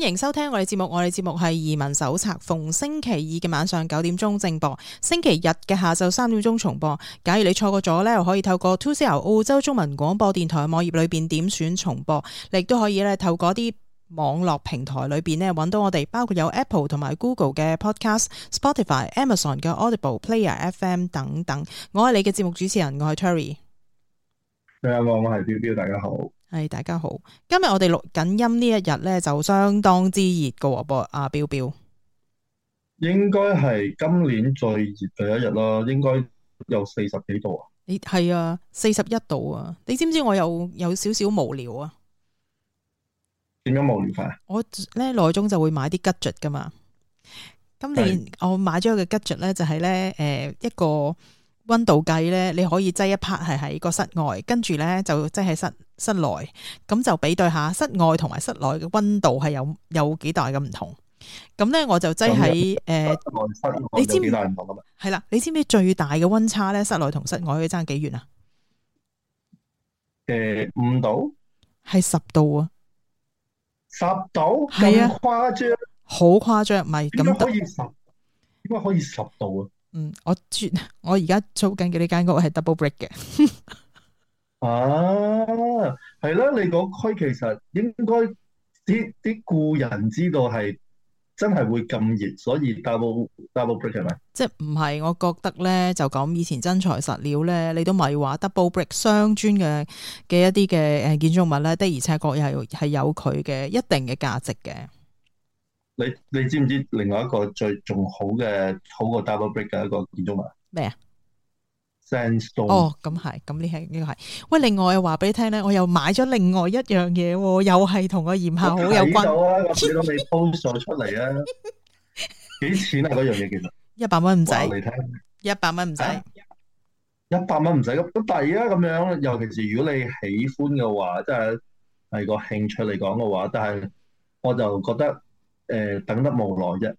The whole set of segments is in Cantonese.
歡迎收聽我哋節目。我哋節目係移民手冊，逢星期二嘅晚上九點鐘正播，星期日嘅下晝三點鐘重播。假如你錯過咗呢，又可以透過 2CR 澳洲中文廣播電台嘅網頁裏邊點選重播。你亦都可以咧透過啲網絡平台裏邊搵到我哋，包括有 Apple 同埋 Google 嘅 Podcast、Spotify、Amazon 嘅 Audible、Player FM 等等。我係你嘅節目主持人，我係 Tury。大家好，我係 Bill Bill，大家好。係、哎、大家好，今日我哋錄緊音一呢一日咧就相當之熱嘅喎，阿 Bill Bill，表表應該係今年最熱第一日啦，應該有四十幾度啊？你係啊，四十一度啊？你知唔知我有有，有少少無聊啊？點解無聊法、啊？我咧內中就會買啲吉祥噶嘛，今年的我買咗嘅吉祥咧就係咧誒一個。溫度計咧，你可以擠一 part 係喺個室外，跟住咧就擠喺室室內，咁就比對下室外同埋室內嘅溫度係有有幾大嘅唔同。咁咧我就擠喺誒，你知唔知係啦？你知唔知最大嘅溫差咧，室內同室外可以差幾遠啊？誒度，五度係十度啊！十度咁、啊、誇張，好誇張，唔係，點解可以十？點解可以十度啊？嗯，我我而家租緊嘅呢間屋係 double brick 嘅。 啊，係啦，你個區其實應該啲啲古人知道係真係會咁熱，所以 double, double double brick 係咪？即係唔係？我覺得咧就講以前真材實料咧，你都咪話 double brick 雙磚嘅嘅一啲嘅誒建築物咧，的而且確又係係有佢嘅一定嘅價值嘅。你你知唔知另外一個最仲好嘅好過 Double Brick 嘅一個建築物咩啊麼？Sandstone 哦，咁係、oh，咁呢係呢個係。喂，另外又話俾你聽咧，我又買咗另外一樣嘢，又係同個鹽效好有關係。睇到啊，我睇到未鋪數出嚟啊？幾 錢啊？嗰樣嘢其實一百蚊唔使，一百蚊唔使，一百蚊唔使咁抵啊！咁樣，尤其是如果你喜歡嘅話，即係係個興趣嚟講嘅話，但係我就覺得。誒、呃、等得無耐啫。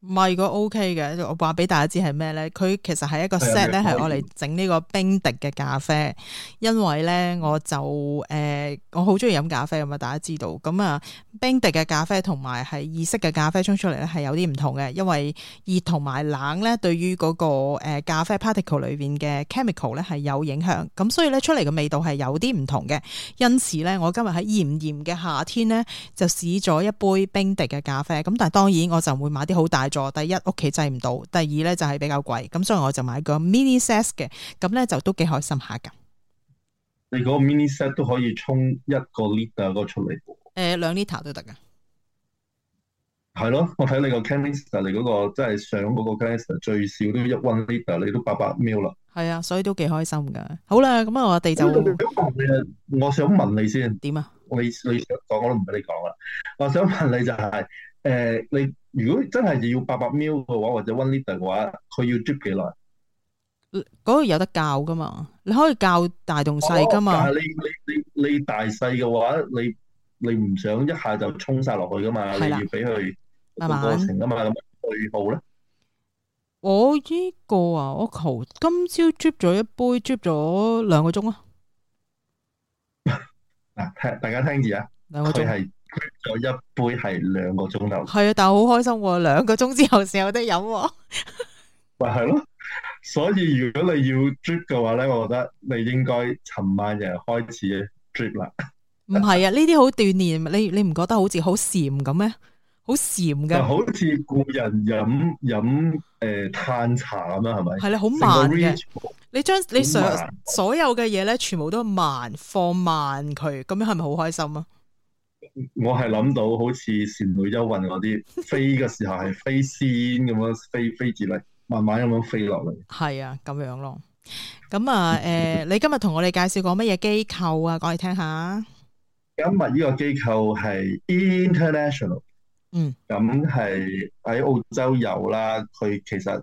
唔係個 OK 嘅，我話俾大家知係咩咧？佢其實係一個 set 咧，係我嚟整呢個冰滴嘅咖啡，因為咧我就誒、呃、我好中意飲咖啡啊嘛，大家知道咁啊、嗯、冰滴嘅咖啡同埋係意式嘅咖啡沖出嚟咧係有啲唔同嘅，因為熱同埋冷咧對於嗰個誒咖啡 particle 裏邊嘅 chemical 咧係有影響，咁所以咧出嚟嘅味道係有啲唔同嘅。因此咧，我今日喺炎炎嘅夏天咧就試咗一杯冰滴嘅咖啡，咁但係當然我就唔會買啲好大。第一屋企製唔到，第二咧就係、是、比較貴，咁所以我就買個 mini set 嘅，咁咧就都幾開心下噶。你嗰個 mini set 都可以沖一個 liter 嗰個出嚟嘅，誒兩、欸、liter 都得噶，係咯。我睇你，ista，你、那個 canister 你嗰個即係上嗰個 canister 最少都要一 one liter，你都八百 ml 啦。係啊，所以都幾開心噶。好啦，咁啊，我哋就我想問你先，點啊？你你想講我都唔俾你講啦。我想問你就係、是、誒、呃、你。如果真係要八百 mil 嘅話，或者 one liter 嘅話，佢要 drip 幾耐？嗰度有得教噶嘛？你可以教大同細噶嘛？但係你你你你大細嘅話，你你唔想一下就沖晒落去噶嘛？你要俾佢個過程噶嘛？咁去到咧？我依個啊，我求今朝 drip 咗一杯，drip 咗兩個鐘啊！嗱，聽大家聽住啊，佢係。我一杯係兩個鐘頭，係啊，但係好開心啊，兩個鐘之後先有得飲啊。咪係咯，所以如果你要 drip 嘅話咧，我覺得你應該尋晚就開始 drip 啦。唔 係啊，呢啲好鍛煉，你你唔覺得好似 好禪咁咩？好禪嘅，好似古人飲飲誒嘆、呃、茶咁啊，係咪？係你好把慢嘅。你將你上所有嘅嘢咧，全部都慢放慢佢，咁樣係咪好開心啊？我係諗到好似《倩女幽魂》嗰啲飛嘅時候係飛仙咁樣飛飛住嚟，慢慢咁樣飛落嚟。係啊，咁樣咯。咁啊，誒， 你今日同我哋介紹過乜嘢機構啊？講嚟聽下。今日呢個機構係 International，嗯，咁係喺澳洲有啦。佢其實。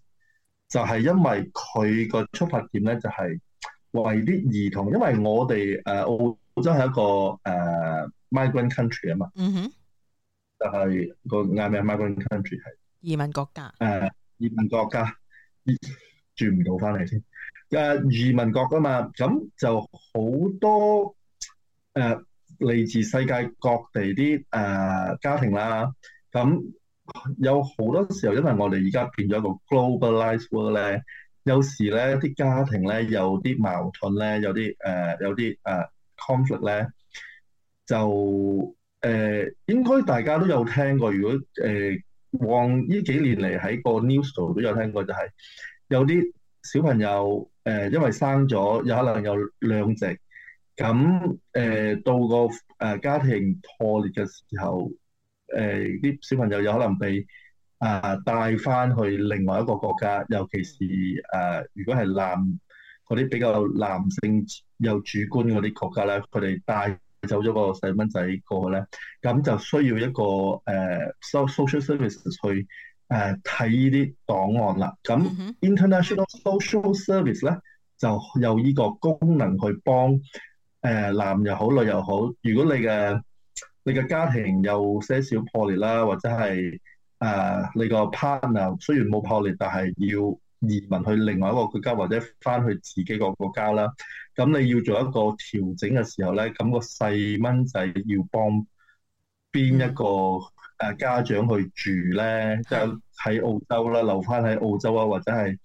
就係因為佢個出發點咧，就係為啲兒童，因為我哋誒澳洲係一個誒 migrant country 啊嘛，嗯哼，就係個嗌咩 migrant country 係移民國家，誒移民國家，住唔到翻嚟先，誒移民國啊嘛，咁就好多誒嚟自世界各地啲誒家庭啦，咁。有好多時候，因為我哋而家變咗個 globalized world 咧，有時咧啲家庭咧有啲矛盾咧，有啲誒有啲誒 conflict 咧，就誒應該大家都有聽過。如果誒往呢幾年嚟喺個 news 度都有聽過，就係有啲小朋友誒，因為生咗有可能有兩籍，咁誒到個誒家庭破裂嘅時候。誒啲、呃、小朋友有可能被啊、呃、帶翻去另外一個國家，尤其是誒、呃、如果係男嗰啲比較男性又主觀嗰啲國家咧，佢哋帶走咗個細蚊仔過去咧，咁就需要一個誒、呃 social, 呃、social service 去誒睇呢啲檔案啦。咁 International Social Service 咧就有依個功能去幫誒、呃、男又好，女又好，如果你嘅。你嘅家庭有些少破裂啦，或者係誒、呃、你個 partner 雖然冇破裂，但係要移民去另外一個國家，或者翻去自己個國家啦。咁你要做一個調整嘅時候咧，咁個細蚊仔要幫邊一個誒家長去住咧？即係喺澳洲啦，留翻喺澳洲啊，或者係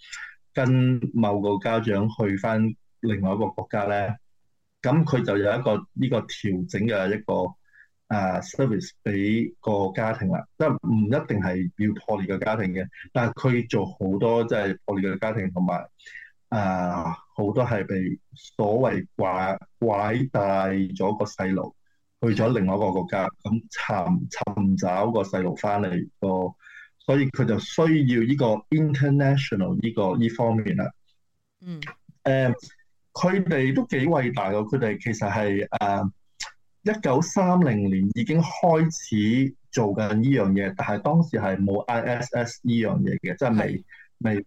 跟某個家長去翻另外一個國家咧？咁佢就有一個呢個調整嘅一個。誒、uh, service 俾個家庭啦，即係唔一定係要破裂嘅家庭嘅，但係佢做好多即係破裂嘅家庭，同埋誒好多係被所謂拐拐帶咗個細路去咗另外一個國家，咁尋尋找個細路翻嚟個，所以佢就需要呢個 international 呢個呢方面啦。嗯，誒，佢哋都幾偉大嘅，佢哋其實係誒。一九三零年已經開始做緊呢樣嘢，但係當時係冇 ISS 呢樣嘢嘅，的即係未未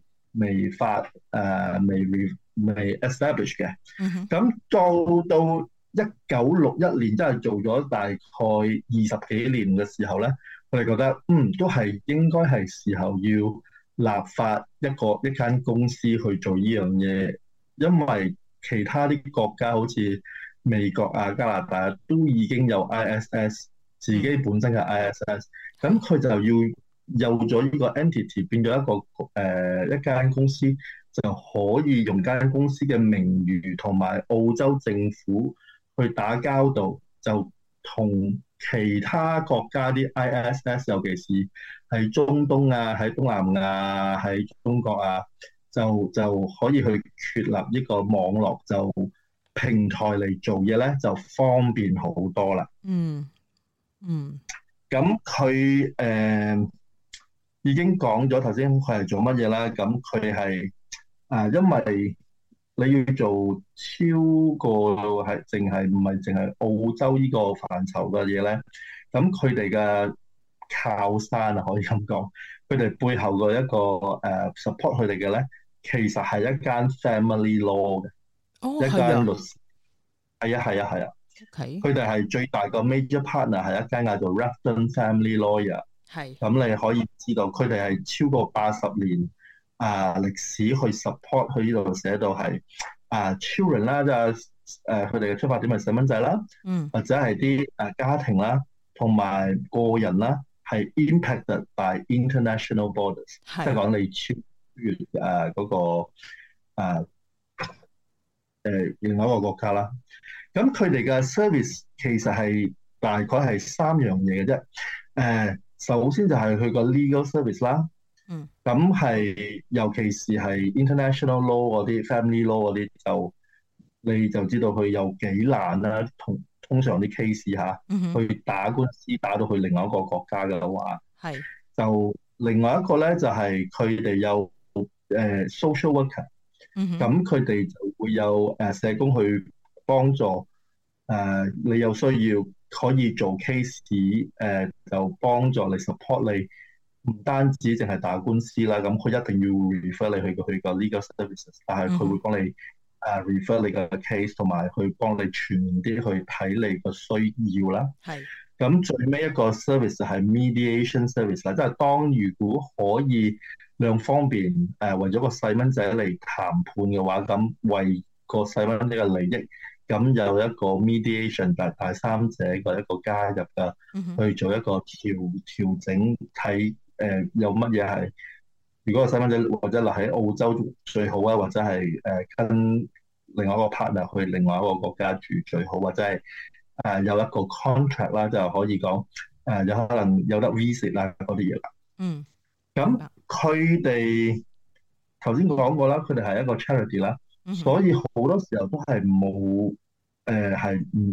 未發誒、uh, 未未 establish 嘅。咁、嗯、哼到到一九六一年，即係做咗大概二十幾年嘅時候咧，我哋覺得嗯都係應該係時候要立法一個一間公司去做呢樣嘢，因為其他啲國家好似，美國啊、加拿大都已經有 ISS 自己本身嘅 ISS，咁佢就要有咗呢個 entity，變咗一個誒一間、呃、公司就可以用間公司嘅名譽同埋澳洲政府去打交道，就同其他國家啲 ISS，尤其是係中東啊、喺東南亞、喺中國啊，就就可以去建立一個網絡就。平台嚟做嘢咧就方便好多啦。嗯。嗯嗯，咁佢誒已經講咗頭先佢係做乜嘢啦？咁佢係誒因為你要做超過係淨係唔係淨係澳洲個呢個範疇嘅嘢咧，咁佢哋嘅靠山啊可以咁講，佢哋背後嘅一個誒、呃、support 佢哋嘅咧，其實係一間 family law 嘅。Oh, 一間律師，係啊係啊係啊，佢哋係最大個 major partner 係一間叫做 Rathbone Family Lawyer。係咁的，你可以知道佢哋係超過八十年啊歷史去 support 去呢度寫到係啊 children 啦、啊，就誒佢哋嘅出發點係細蚊仔啦，嗯，或者係啲誒家庭啦，同埋個人啦，係 impacted by international borders，即係講你超越誒嗰個、啊誒、呃，另外一個國家啦，咁佢哋嘅 service 其實係大概係三樣嘢嘅啫。誒、呃，首先就係佢個 legal service 啦，嗯，咁係尤其是係 international law 嗰啲，family law 嗰啲，就你就知道佢有幾難啦，啊。同通常啲 case 吓，啊，嗯、哼去打官司打到去另外一個國家嘅話，係是就另外一個呢就係佢哋有誒、呃、social worker，咁佢哋。會有誒社工去幫助誒、呃、你有需要可以做 case 誒、呃、就幫助你 support 你，唔單止淨係打官司啦，咁佢一定要 refer 你去個去個 legal services，但係佢會幫你誒 refer 你個 case，同埋去幫你全面啲去睇你個需要啦。係。咁最尾一個 service 就係 mediation service 啦，即係當如果可以兩方便，誒、呃、為咗個細蚊仔嚟談判嘅話，咁為個細蚊仔嘅利益，咁有一個 mediation，但係第三者或一個加入啊，mm hmm. 去做一個調調整，睇誒、呃、有乜嘢係，如果個細蚊仔或者留喺澳洲最好啊，或者係誒、呃、跟另外一個 partner 去另外一個國家住最好，或者係。誒有一個 contract 啦，就可以講誒、呃、有可能有得 visit 啦嗰啲嘢啦。嗯。咁佢哋頭先講過啦，佢哋係一個 charity 啦，嗯、哼所以好多時候都係冇誒係唔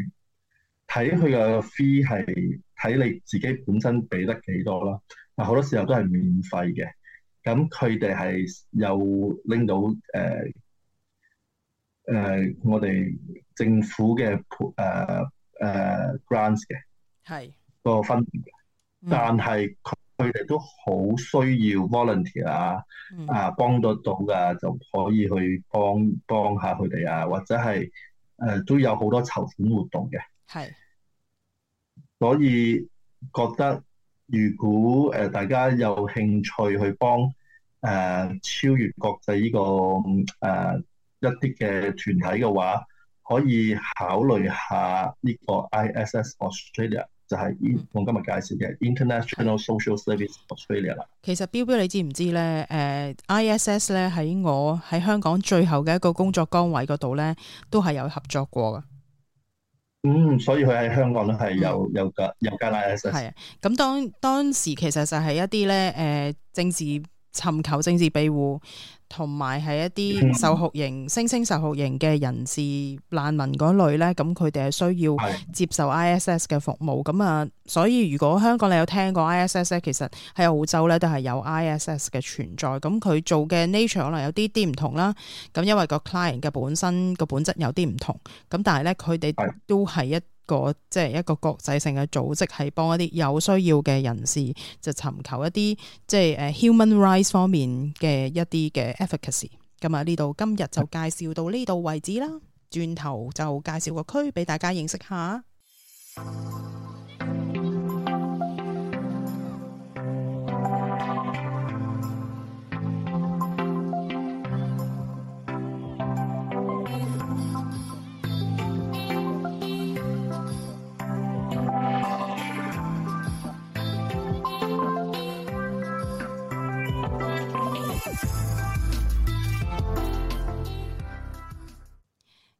睇佢嘅 fee，係睇你自己本身俾得幾多啦。嗱，好多時候都係免費嘅。咁佢哋係有拎到誒誒、呃呃、我哋政府嘅撥、呃誒、uh, grants 嘅係個分別嘅，但係佢哋都好需要 volunteer 啊，嗯、啊幫得到㗎就可以去幫幫下佢哋啊，或者係誒、呃、都有好多籌款活動嘅，係是。所以覺得如果誒、呃、大家有興趣去幫誒、呃、超越國際呢、這個誒、呃、一啲嘅團體嘅話。可以考慮下呢個 ISS Australia，就係我今日介紹嘅 International Social Service Australia 啦。其實 Bill Bill 你知唔知咧？誒、呃、ISS 咧喺我喺香港最後嘅一個工作崗位嗰度咧，都係有合作過嘅。嗯，所以佢喺香港都係有有有加 ISS。係啊、嗯，咁當當時其實就係一啲咧誒政治。尋求政治庇護同埋係一啲受酷刑、聲稱受酷刑嘅人士難民嗰類咧，咁佢哋係需要接受 ISS 嘅服務。咁啊的，所以如果香港你有聽過 ISS 咧，其實喺澳洲呢都係有 ISS 嘅存在。咁佢做嘅 nature 可能有啲啲唔同啦，咁因為個 client 嘅本身個本質有啲唔同。咁但係呢，佢哋都係一個即係一個國際性嘅組織，係幫一啲有需要嘅人士就尋求一啲即係 human rights 方面嘅一啲嘅 efficacy。咁啊，呢度今日就介紹到呢度為止啦。轉頭就介紹個區俾大家認識下。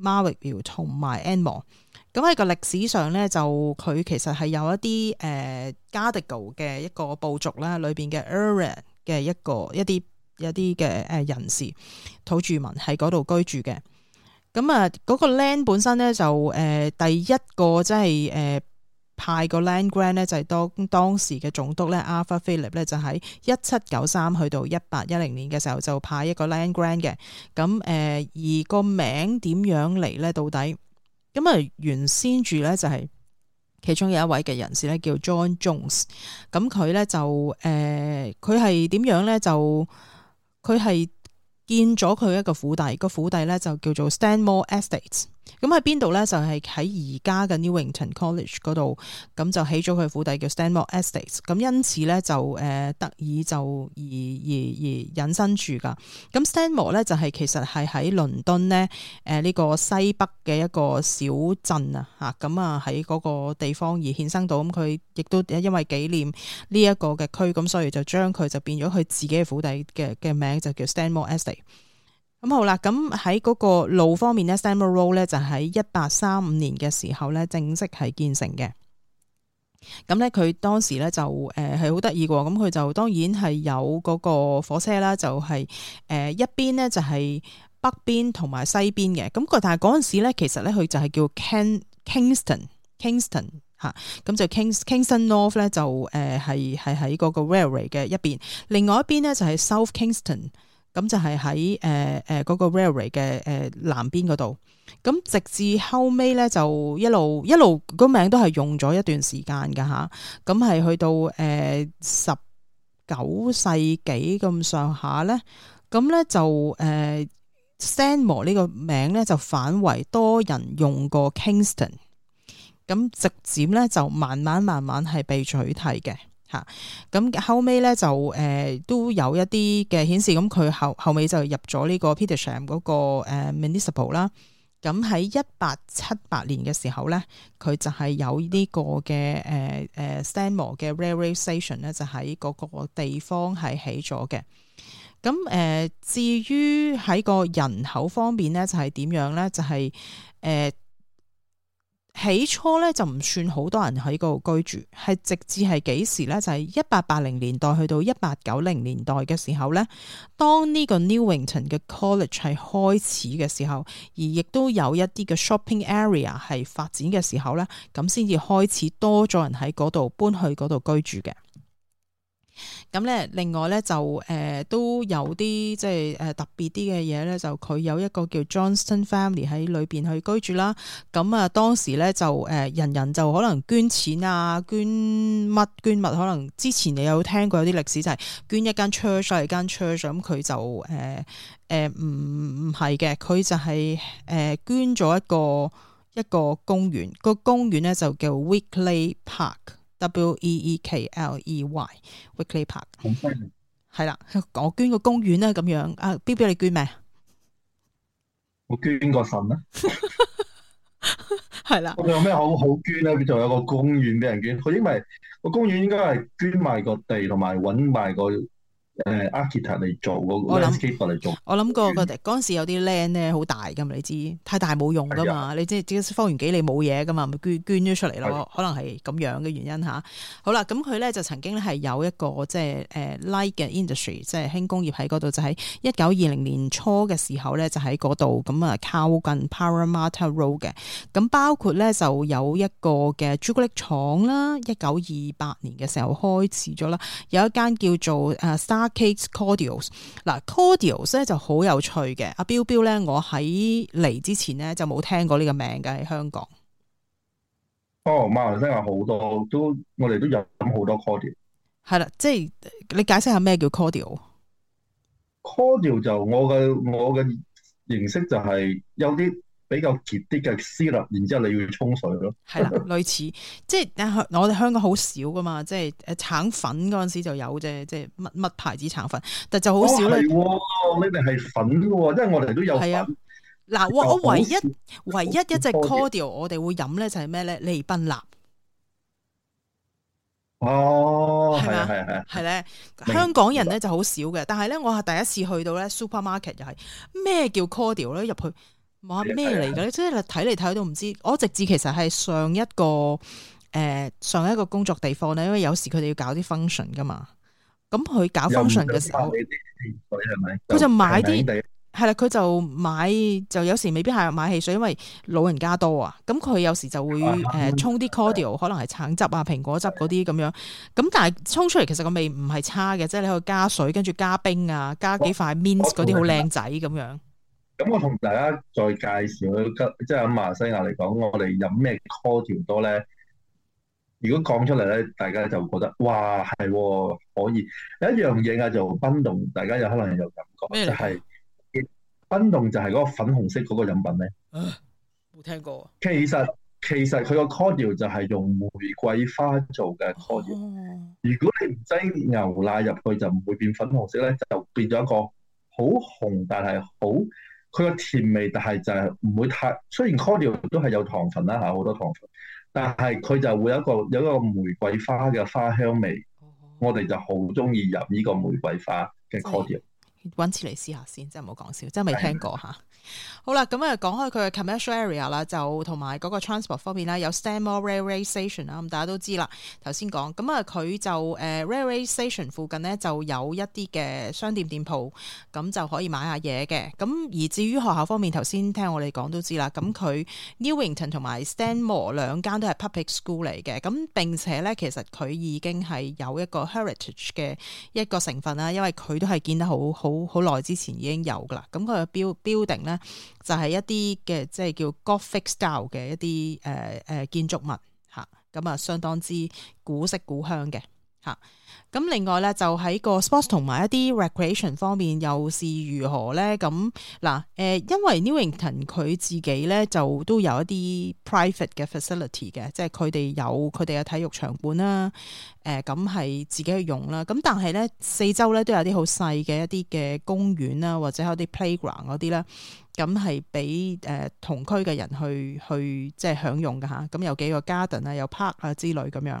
m a r i 苗同埋 a n 安王，咁喺個歷史上咧，就佢其實係有一啲誒、呃、加迪高嘅一個部族啦，裏邊嘅 area 嘅一個一啲一啲嘅誒人士土著民喺嗰度居住嘅。咁啊，嗰、呃那個 land 本身咧就誒、呃、第一個即係誒。呃派個 land grant 咧就係當當時嘅總督咧，a h p Arthur Phillip 咧就喺一七九三去到一八一零年嘅時候就派一個 land grant 嘅，咁誒、呃、而個名點樣嚟咧？到底咁啊？原先住咧就係其中有一位嘅人士咧叫 John Jones，咁佢咧就誒佢係點樣咧？就佢係建咗佢一個府邸，個府邸咧就叫做 Stanmore Estates。咁喺邊度咧？就係、是、喺而家嘅 Newington College 嗰度，咁就起咗佢府邸叫 Stanmore Estates。咁因此咧就誒、呃，得以就而而而引申住噶。咁 Stanmore 咧就係、是、其實係喺倫敦咧誒呢、呃這個西北嘅一個小鎮啊。吓咁啊喺嗰個地方而衍生到咁，佢亦都因為紀念呢一個嘅區，咁所以就將佢就變咗佢自己嘅府邸嘅嘅名就叫 Stanmore Estate。咁好啦，咁喺嗰個路方面呢，Stanmore Road 咧就喺一八三五年嘅時候咧正式係建成嘅。咁咧佢當時咧就誒係好得意嘅，咁、呃、佢就當然係有嗰個火車啦，就係、是、誒、呃、一邊呢就係、是、北邊同埋西邊嘅。咁個但係嗰陣時咧，其實咧佢就係叫 Ken, King Kingston Kingston 吓、啊，咁就 King, Kingston North 咧就誒係係喺嗰個 railway 嘅一邊，另外一邊呢，就係、是、South Kingston。咁就係喺誒誒個 Railway 嘅誒、呃、南邊嗰度，咁直至後尾咧就一路一路，嗰個名都係用咗一段時間噶吓，咁、啊、係去到誒十九世紀咁上下咧，咁咧就誒、呃、Stanmore 呢個名咧就反為多人用過 Kingston，咁直接咧就慢慢慢慢係被取替嘅。嚇，咁後尾咧就誒都有一啲嘅顯示，咁佢後後尾就入咗呢個 Peterham 嗰個 Municipal 啦。咁喺一八七八年嘅時候咧，佢就係有呢個嘅誒誒 Stanmore 嘅 Railway Station 咧，就喺嗰個地方係起咗嘅。咁誒，至於喺個人口方面咧，就係點樣咧？就係誒。起初咧就唔算好多人喺度居住，係直至係幾時呢？就係一八八零年代去到一八九零年代嘅時候呢。當呢個 Newington 嘅 college 係開始嘅時候，而亦都有一啲嘅 shopping area 係發展嘅時候呢，咁先至開始多咗人喺度搬去度居住嘅。咁咧，另外咧就誒、呃、都有啲即係誒、呃、特別啲嘅嘢咧，就佢有一個叫 Johnson Family 喺裏邊去居住啦。咁、嗯、啊，當時咧就誒、呃、人人就可能捐錢啊，捐乜捐物，可能之前你有聽過有啲歷史就係、是、捐一間 church，一間 church，咁佢就誒誒唔唔係嘅，佢、呃呃呃、就係、是、誒、呃、捐咗一個一個公園，個公園咧就叫 Weekley Park。W E E K L E Y Weekly Park，好係啦，我捐個公園啦咁樣。啊，Bill Bill，你捐咩？我捐個腎啦，係啦 的。我仲有咩好好捐咧？就度有個公園俾人捐？佢因為個公園應該係捐埋個地，同埋搵埋個。誒 a r c 嚟做嗰個飛機過嚟做雲，我諗過、那個嗰陣時有啲 land 咧好大噶嘛，你知太大冇用噶嘛，啊、你即係只方圓幾里冇嘢噶嘛，咪捐捐咗出嚟咯，是的 可能係咁樣嘅原因吓。好啦，咁佢咧就曾經咧係有一個即係誒 light 嘅 industry，即係輕工業喺嗰度，就喺一九二零年初嘅時候咧就喺嗰度咁啊靠近 Parramatta Road 嘅。咁包括咧就有一個嘅朱古力廠啦，一九二八年嘅時候開始咗啦，有一間叫做誒、啊啊啊啊啊啊啊啊 Cakes cordials 嗱，啊，cordials 咧就好有趣嘅。阿 Bill Bill 咧，我喺嚟之前咧就冇聽過呢個名嘅喺香港。哦，oh，馬來西亞好多都我哋都有咁好多 cordial。係啦，即係你解釋下咩叫 cordial？cordial 就我嘅我嘅認識就係有啲。比較結啲嘅絲啦，然之後你要沖水咯。係 啦，類似即係我哋香港好少噶嘛，即係誒橙粉嗰陣時就有啫，即係乜乜牌子橙粉，但就好少、哦、你哋係粉嘅喎，即係我哋都有。係啊的，嗱，我唯一，少唯，一唯一一隻 cordial、啊、我哋會飲咧就係咩咧？利賓納。哦，係嘛，係係係咧，香港人咧就好少嘅，但係咧我係第一次去到咧 supermarket 又係咩叫 cordial 咧入去？冇啊！咩嚟噶咧？的即係睇嚟睇去都唔知。我直至其實係上一個誒、呃、上一個工作地方咧，因為有時佢哋要搞啲 function 噶嘛。咁佢搞 function 嘅時候，佢就買啲係啦。佢就買，就有時未必係買汽水，因為老人家多啊。咁佢有時就會誒沖啲 cordial，可能係橙汁啊、蘋果汁嗰啲咁樣。咁的但係沖出嚟，其實個味唔係差嘅，即係你去加水，跟住加冰啊，加幾塊 mint 嗰啲好靚仔咁樣。咁我同大家再介紹，即係喺馬西亞嚟講，我哋飲咩 Cordial 多咧？如果講出嚟咧，大家就會覺得哇，係、哦、可以有一樣嘢啊，做賓棟，大家有可能有感覺，么就係賓棟就係嗰個粉紅色嗰個飲品咧。冇、啊、聽過其實其實佢個 Cordial 就係用玫瑰花做嘅 Cordial，、哦、如果你唔擠牛奶入去，就唔會變粉紅色咧，就變咗一個好紅但係好～佢個甜味，但係就係唔會太，雖然 cordial 都係有糖分啦嚇，好多糖分，但係佢就會有一個有一個玫瑰花嘅花香味，嗯、哼我哋就好中意入呢個玫瑰花嘅 cordial，揾次嚟試下先，真係唔好講笑，真係未聽過嚇。好啦，咁啊，講開佢嘅 commercial area 啦，就同埋嗰個 transport 方面啦，有 Stanmore railway station 啦，咁大家都知啦。頭先講，咁啊，佢、呃、就誒 railway station 附近呢，就有一啲嘅商店店鋪，咁就可以買下嘢嘅。咁而至於學校方面，頭先聽我哋講都知啦。咁佢 Newington 同埋 Stanmore 兩間都係 public school 嚟嘅，咁並且呢，其實佢已經係有一個 heritage 嘅一個成分啦，因為佢都係建得好好好耐之前已經有噶啦。咁佢嘅 building 呢，就係一啲嘅即係叫 Gothic style 嘅一啲誒誒建築物吓，咁啊就相當之古色古香嘅。吓咁、啊，另外咧就喺個 sports 同埋一啲 recreation 方面又是如何咧？咁嗱，誒，因為 Newington 佢自己咧就都有一啲 private 嘅 facility 嘅，即係佢哋有佢哋嘅體育場館啦，誒、呃，咁係自己去用啦。咁但係咧四周咧都有啲好細嘅一啲嘅公園啦，或者有啲 playground 嗰啲啦，咁係俾誒同區嘅人去去即係享用噶吓。咁、嗯、有幾個 garden 啊，有 park 啊之類咁樣。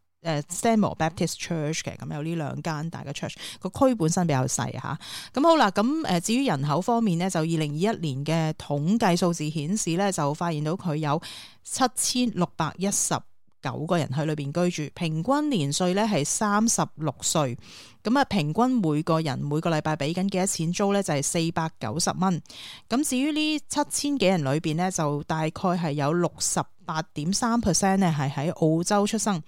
誒 Stanmore Baptist Church 嘅，咁有呢兩間大嘅 church，個區本身比較細嚇。咁好啦，咁誒至於人口方面呢，就二零二一年嘅統計數字顯示咧，就發現到佢有七千六百一十九個人喺裏邊居住，平均年歲咧係三十六歲。咁啊，平均每個人每個禮拜俾緊幾多錢租咧，就係四百九十蚊。咁至於呢七千幾人裏邊呢，就大概係有六十八點三 percent 咧，係喺澳洲出生。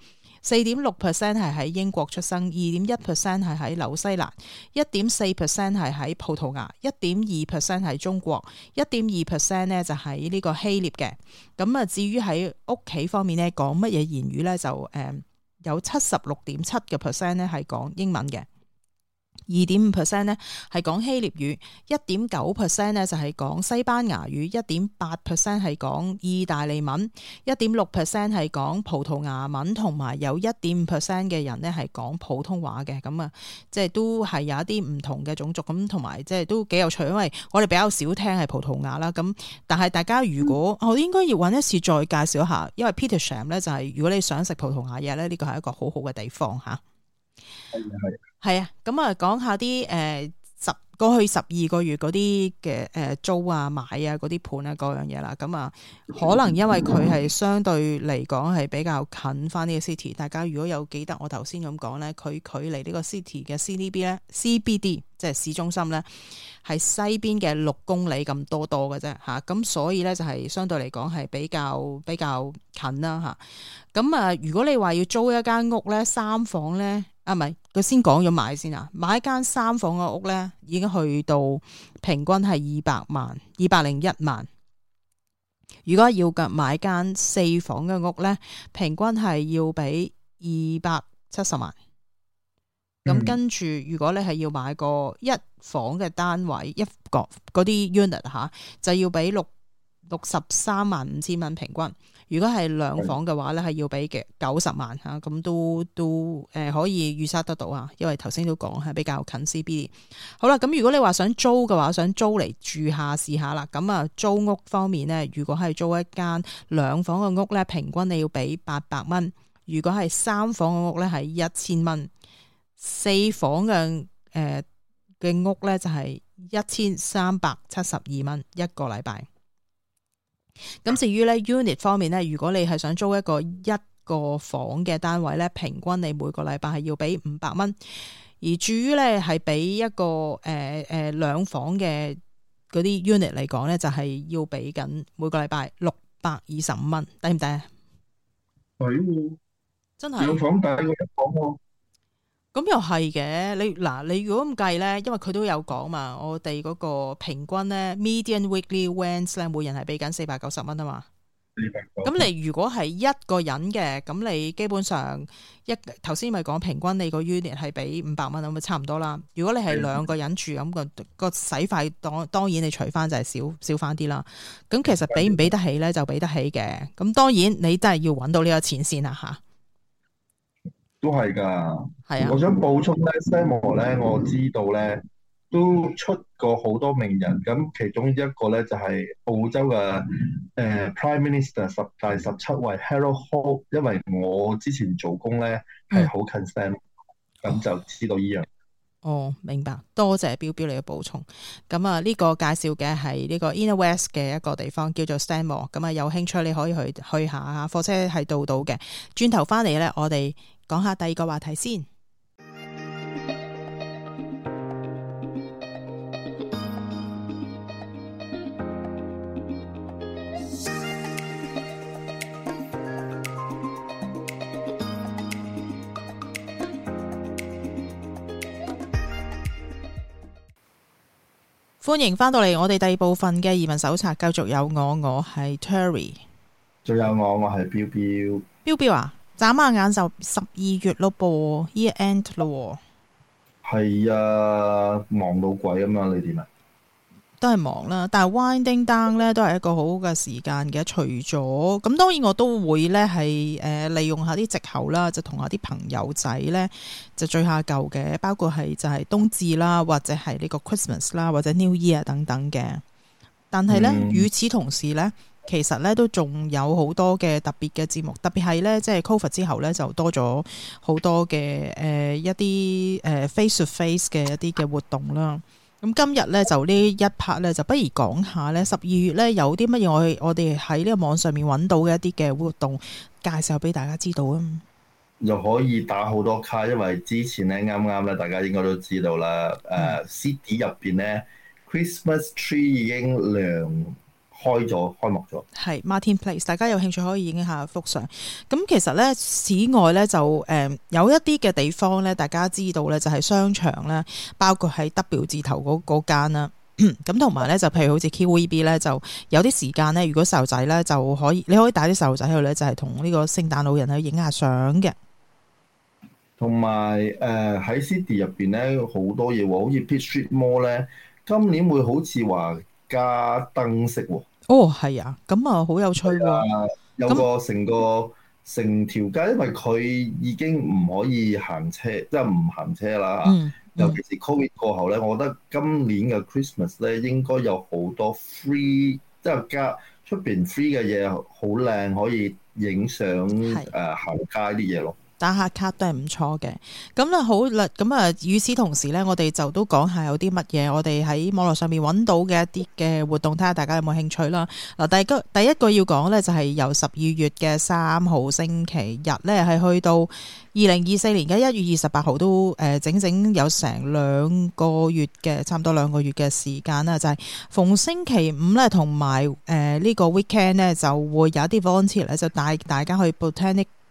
四點六 percent 係喺英國出生，二點一 percent 係喺紐西蘭，一點四 percent 係喺葡萄牙，一點二 percent 係中國，一點二 percent 咧就喺呢個希臘嘅。咁啊，至於喺屋企方面咧，講乜嘢言語咧，就誒有七十六點七嘅 percent 咧係講英文嘅。二點五 percent 咧係講希臘語，一點九 percent 咧就係講西班牙語，一點八 percent 係講意大利文，一點六 percent 係講葡萄牙文，同埋有一點五 percent 嘅人咧係講普通話嘅。咁啊，即係都係有一啲唔同嘅種族咁，同埋即係都幾有趣，因為我哋比較少聽係葡萄牙啦。咁但係大家如果、嗯、我應該要搵一次再介紹一下，因為 Petersham 咧就係如果你想食葡萄牙嘢咧，呢個係一個好好嘅地方吓。係啊，係。係啊，咁、呃、啊，講下啲誒十過去十二個月嗰啲嘅誒租啊買啊嗰啲盤啊嗰樣嘢啦，咁啊，可能因為佢係相對嚟講係比較近翻呢個 city，大家如果有記得我頭先咁講咧，佢距離呢個 city 嘅 CDB 咧 CBD 即係市中心咧係西邊嘅六公里咁多多嘅啫，吓、啊，咁所以咧就係、是、相對嚟講係比較比較近啦，吓、啊，咁啊，如果你話要租一間屋咧三房咧。啊唔係，佢先講咗買先啊，買間三房嘅屋咧，已經去到平均係二百萬，二百零一萬。如果要嘅買間四房嘅屋咧，平均係要俾二百七十萬。咁跟住，如果你係要買個一房嘅單位，一角嗰啲 unit 吓、啊，就要俾六六十三萬五千蚊平均。如果係兩房嘅話咧，係要俾嘅九十萬吓，咁、啊、都都誒、呃、可以預測得到啊，因為頭先都講係比較近 CBD。好啦，咁如果你話想租嘅話，想租嚟住下試下啦。咁啊，租屋方面咧，如果係租一間兩房嘅屋咧，平均你要俾八百蚊；如果係三房嘅屋咧，係一千蚊；四房嘅誒嘅屋咧，就係一千三百七十二蚊一個禮拜。咁至於咧 unit 方面咧，如果你係想租一個一個房嘅單位咧，平均你每個禮拜係要俾五百蚊；而至於咧係俾一個誒誒兩房嘅嗰啲 unit 嚟講咧，就係、是、要俾緊每個禮拜六百二十五蚊，抵唔抵啊？抵、哎呦，真係的兩房大過一房囉。咁又係嘅，你嗱，你如果咁計咧，因為佢都有講嘛，我哋嗰個平均咧，median weekly rents 咧，90. 每人係俾緊四百九十蚊啊嘛。咁 4 90. 你如果係一個人嘅，咁你基本上一頭先咪講平均你，你個 unit 係俾五百蚊咁啊，差唔多啦。如果你係兩個人住咁個的個使費，當當然你除翻就係少少翻啲啦。咁其實俾唔俾得起咧，就俾得起嘅。咁當然你真係要揾到呢個錢先啦，吓。都係噶，係啊！我想補充咧 Stanmore 咧，well、我知道咧都出過好多名人。咁其中一個咧就係澳洲嘅誒、呃、Prime Minister 十第十七位、Harold、Harold Holt，因為我之前做工咧係好近 Stan，咁就知道呢樣。哦，明白，多謝標標你嘅補充。咁、嗯、啊，呢、這個介紹嘅係呢個 Inner West 嘅一個地方叫做 Stanmore 咁啊，有興趣你可以去去下，火車係到到嘅。轉頭翻嚟咧，我哋。講下第二個話題先。 歡迎翻到嚟我哋第二部分嘅移民手冊，繼續有我，我係 Tury，仲有我，我係 Bill Bill，Bill Bill 啊！眨下眼就十二月咯，噃、哦，呢個 end 咯。係啊，忙到鬼咁嘛，你點啊？都係忙啦，但係 Winding Down 咧都係一個好好嘅時間嘅。除咗咁，當然我都會咧係誒利用下啲借口啦，就同下啲朋友仔咧就聚下舊嘅，包括係就係冬至啦，或者係呢個 Christmas 啦，或者 New Year 等等嘅。但係咧，與、嗯、此同時咧。其實咧都仲有好多嘅特別嘅節目，特別係咧即係 COVID 之後咧就多咗好多嘅誒一啲誒 face to face 嘅一啲嘅活動啦。咁今日咧就呢一 part 咧就不如講下咧十二月咧有啲乜嘢我我哋喺呢個網上面揾到嘅一啲嘅活動介紹俾大家知道啊！又可以打好多卡，因為之前咧啱啱咧大家應該都知道啦。誒，City 入邊咧 Christmas tree 已經亮開咗開幕咗，係 Martin Place，大家有興趣可以影下幅相。咁其實咧市外咧就誒、呃、有一啲嘅地方咧，大家知道咧就係、是、商場咧，包括喺 W 字頭嗰間啦。咁同埋咧就譬如好似 QVB 咧，就有啲時間咧，如果細路仔咧就可以，你可以帶啲細路仔去咧，就係同呢個聖誕老人去影下相嘅。同埋誒喺 City 入邊咧好多嘢喎，好似 Pitt Street Mall 咧，今年會好似話加燈飾喎、哦。哦，係啊，咁啊，好有趣啊。啊有個成個成那條街，因為佢已經唔可以行車，即係唔行車啦。嗯嗯、尤其是 Covid 過後咧，我覺得今年嘅 Christmas 咧，應該有好多 free，即係家出邊 free 嘅嘢好靚，可以影相誒行街啲嘢咯。打下卡都係唔錯嘅，咁咧好啦，咁啊，與此同時呢，我哋就都講下有啲乜嘢，我哋喺網絡上面揾到嘅一啲嘅活動，睇下大家有冇興趣啦。嗱，第一個，第一個要講呢，就係、是、由十二月嘅三號星期日呢，係去到二零二四年嘅一月二十八號，都、呃、誒整整有成兩個月嘅，差唔多兩個月嘅時間啦，就係、是、逢星期五呢，同埋誒呢個 weekend 呢，就會有一啲 volunteer 咧，就帶大家去 botanic。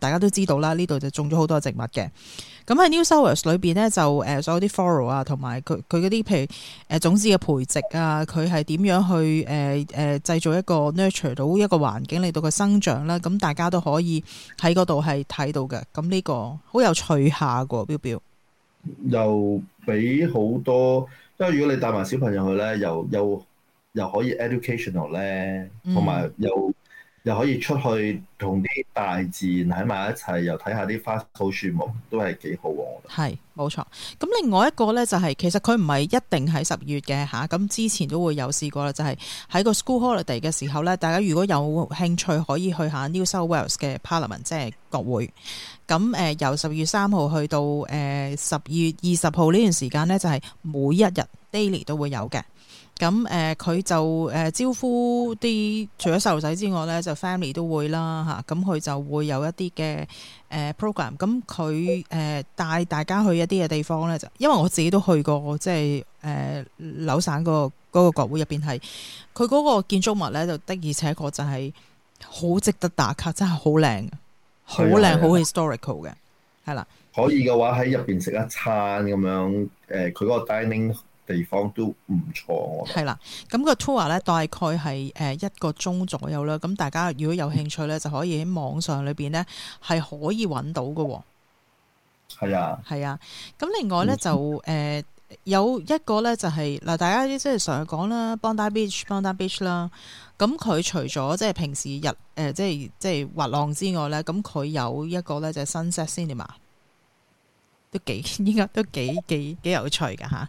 大家都知道啦，呢度就種咗好多植物嘅。咁喺 New South Wales 裏邊咧，就誒、呃、所有啲 flower 啊，同埋佢佢嗰啲譬如誒、呃、種子嘅培植啊，佢係點樣去誒誒製造一個 nurture 到一個環境嚟到佢生長啦。咁大家都可以喺嗰度係睇到嘅。咁呢個好有趣下嘅，Bill Bill 又俾好多，因為如果你帶埋小朋友去咧，又又又可以 educational 咧，同埋又，嗯又可以出去同啲大自然喺埋一齊，又睇下啲花草樹木，都係幾好喎。係，冇錯。咁另外一個呢，就係、是，其實佢唔係一定喺十月嘅吓，咁、啊、之前都會有試過啦，就係、是、喺個 School Holiday 嘅時候呢，大家如果有興趣可以去下 New South Wales 嘅 Parliament，即係國會。咁、啊、誒，由十月三號去到誒十二月二十號呢段時間呢，就係、是、每一日 daily 都會有嘅。咁誒佢就誒、呃、招呼啲除咗細路仔之外咧，就 family 都會啦嚇。咁、啊、佢就會有一啲嘅誒 program、啊。咁佢誒帶大家去一啲嘅地方咧，就因為我自己都去過，即係誒紐省個嗰、那個國會入邊係，佢嗰個建築物咧就的而且確就係好值得打卡，真係好靚，好靚的，好 historical 嘅，係啦的。可以嘅話喺入邊食一餐咁樣，誒佢嗰個 dining。地方都唔錯喎。係啦，咁、那個 tour 咧大概係誒一個鐘左右啦。咁大家如果有興趣咧，就可以喺網上裏邊咧係可以揾到嘅、哦。係啊的，係啊。咁另外咧就誒、呃、有一個咧就係、是、嗱，大家即係成日講啦，Bondi Beach、Bondi Beach 啦。咁佢除咗即係平時日誒即係即係滑浪之外咧，咁佢有一個咧就係、是、Sunset Cinema，都幾應該都幾幾幾有趣嘅嚇。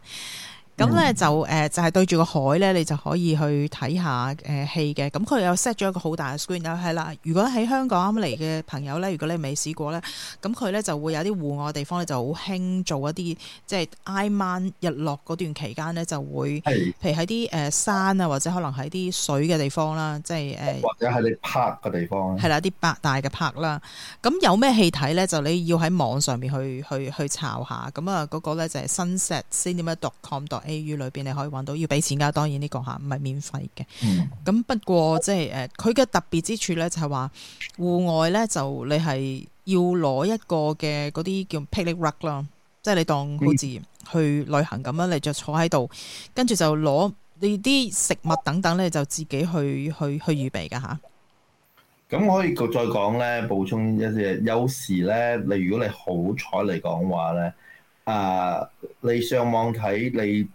咁咧、嗯嗯、就誒、呃、就係、是、對住個海咧，你就可以去睇下誒、呃、戲嘅。咁佢又 set 咗一個好大嘅 screen 又係啦。如果喺香港啱嚟嘅朋友咧，如果你未試過咧，咁佢咧就會有啲戶外嘅地方咧，就好興做一啲即係挨晚日落嗰段期間咧，就會，哎、譬如喺啲誒山啊，或者可能喺啲水嘅地方啦，即係誒，或者喺你拍嘅地方，係、就、啦、是，啲拍大嘅拍啦。咁有咩戲睇咧？就你要喺網上面去去去,去查下。咁、那、啊、個，嗰個咧就係 sunsetcinema.com A. U.、哎、裏邊你可以揾到，要俾錢噶，當然呢個吓唔係免費嘅。咁、嗯、不過即係誒，佢、就、嘅、是呃、特別之處呢，就係話戶外呢，就你係要攞一個嘅嗰啲叫 picnic rug 啦，即係你當好似去旅行咁樣，嗯、你就坐喺度，跟住就攞你啲食物等等咧，就自己去去去預備噶吓。咁、啊嗯、可以再講呢？補充一啲，有時呢，你如果你好彩嚟講話呢，啊、呃，你上網睇你。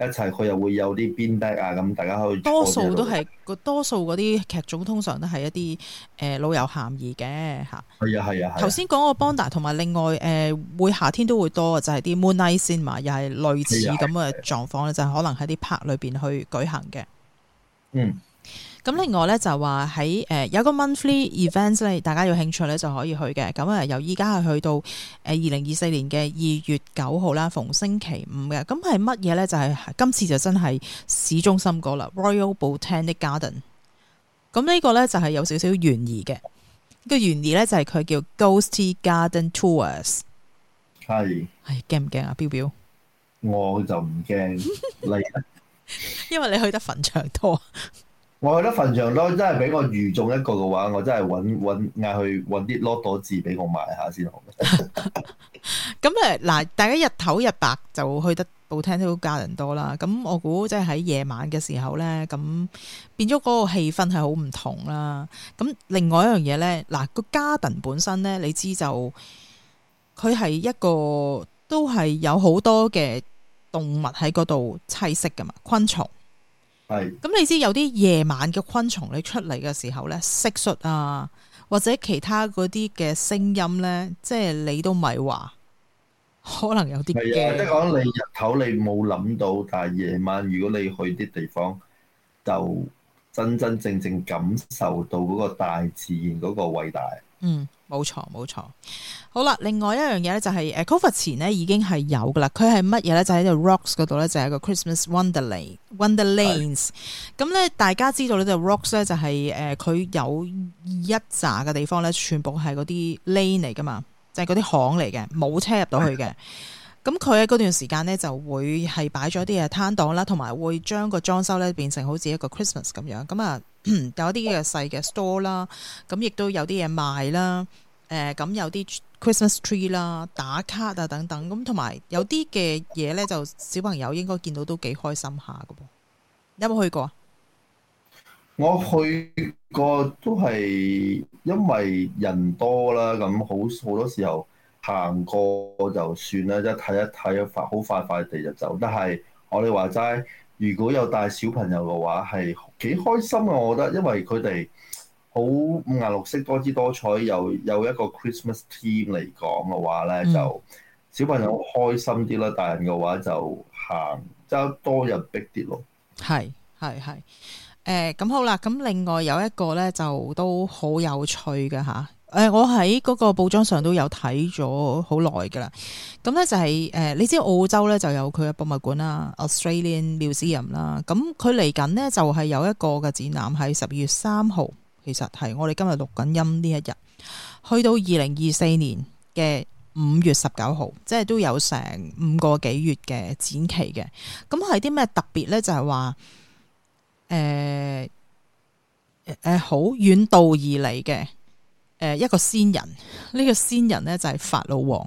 一齊佢又會有啲邊得啊！咁大家可以多數都係個多數，嗰啲劇種，通常都係一啲誒、呃、老友咸魚嘅嚇。係啊係啊係。頭先講個邦達，同埋另外誒會、呃、夏天都會多嘅就係啲 Moonlight Cinema 嘛，又係類似咁嘅狀況咧，就係可能喺啲 park 裏邊去舉行嘅。嗯。咁另外咧就話喺誒有個 monthly events 咧，大家有興趣咧就可以去嘅。咁、呃、啊由依家係去到誒二零二四年嘅二月九號啦，逢星期五嘅。咁係乜嘢咧？就係、是、今次就真係市中心嗰啦，Royal Botanic Garden。咁呢個咧就係、是、有少少懸疑嘅。個懸疑咧就係、是、佢叫 Ghosty Garden Tours。係。係驚唔驚啊？Bill Bill，我就唔驚， 你呢， 因為你去得墳場多。 我覺得墳場都真係俾我遇中一個嘅話，我真係揾揾嗌去揾啲 lotto 字俾我買下先好。咁誒嗱，大家日頭日白就去得 Botanical Garden 多啦。咁我估即係喺夜晚嘅時候呢，咁變咗嗰個氣氛係好唔同啦。咁另外一樣嘢呢，嗱、那個 Garden 本身呢，你知就佢係一個都係有好多嘅動物喺嗰度棲息噶嘛，昆蟲。係，咁是你知有啲夜晚嘅昆蟲，你出嚟嘅時候咧，蟋蟀啊，或者其他嗰啲嘅聲音咧，即係你都咪話可能有啲驚。即係講你日頭你冇諗到，但係夜晚如果你去啲地方，就真真正正感受到嗰個大自然嗰個偉大。嗯，冇錯冇錯。錯好啦，另外一樣嘢咧就係誒 cover 前咧已經係有噶啦。佢係乜嘢咧？就喺、是、度 rocks 嗰度咧，就係一個 Christmas Wonderly Wonderlands Wonder。咁咧對大家知道呢就 rocks 咧就係誒佢有一紮嘅地方咧，全部係嗰啲 lane 嚟噶嘛，就係嗰啲巷嚟嘅，冇車入到去嘅。咁佢喺嗰段時間呢，就會係擺咗啲嘢攤檔啦，同埋會將個裝修呢變成好似一個 Christmas 咁樣。咁啊，有啲嘅細嘅 store 啦，咁亦都有啲嘢賣啦。誒，咁有啲 Christmas tree 啦，打卡啊等等。咁同埋有啲嘅嘢呢，就小朋友應該見到都幾開心下㗎喎。有冇去過？我去過都係因為人多啦，咁好好多時候。行過就算啦，一睇一睇，快好快快地就走。但係我哋話齋，如果有帶小朋友嘅話，係幾開心啊。我覺得，因為佢哋好五顏六色、多姿多彩，又有，有一個 Christmas team 嚟講嘅話咧，嗯、就小朋友開心啲啦。嗯、大人嘅話就行，即多人逼啲囉。係係係，誒咁、呃、好啦。咁另外有一個咧，就都好有趣㗎吓。誒、欸，我喺嗰個報章上都有睇咗好耐噶啦。咁、啊、咧就係、是、誒、呃，你知澳洲咧就有佢嘅博物館啦、啊，Australian Museum 啦、啊。咁佢嚟緊呢就係、是、有一個嘅展覽喺十二月三號，其實係我哋今日錄緊音呢一日，去到二零二四年嘅五月十九號，即、就、係、是、都有成五個幾月嘅展期嘅。咁係啲咩特別咧？就係話誒誒，好遠道而嚟嘅。誒，一個先人，呢、這個先人呢就係法老王，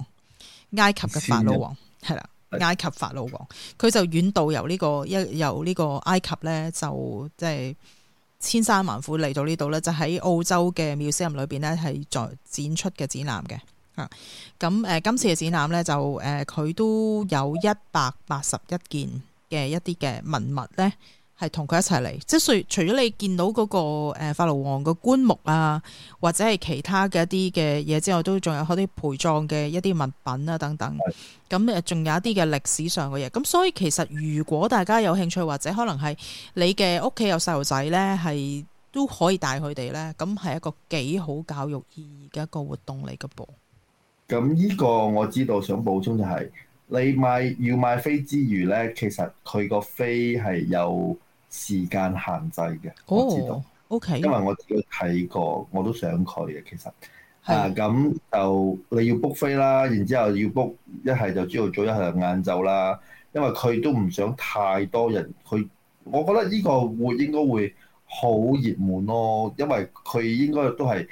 埃及嘅法老王係啦路，埃及法老王，佢就遠道由呢、這個一由呢個埃及呢，就即係千山萬苦嚟到呢度、就是、呢，就喺澳洲嘅繆斯林裏邊呢，係在展出嘅展覽嘅，啊，咁誒、呃、今次嘅展覽呢，就誒佢、呃、都有一百八十一件嘅一啲嘅文物呢。係同佢一齊嚟，即係除咗你見到嗰，那個誒、呃、法老王嘅棺木啊，或者係其他嘅一啲嘅嘢之外，都仲有啲陪葬嘅一啲物品啊等等。咁呢仲有一啲嘅歷史上嘅嘢。咁、嗯、所以其實如果大家有興趣，或者可能係你嘅屋企有細路仔呢，係都可以帶佢哋呢。咁係一個幾好教育意義嘅一個活動嚟嘅噃。咁呢、嗯，這個我知道想補充就係你買要買飛之餘呢，其實佢個飛係有。時間限制嘅，我知道。Oh, okay. 因為我自己睇過，我都想佢嘅其實。係的。啊，咁就你要 book 飛啦，然之後要 book 一係就朝頭早，一係晏晝啦。因為佢都唔想太多人，佢我覺得呢個會應該會好熱門咯，因為佢應該都係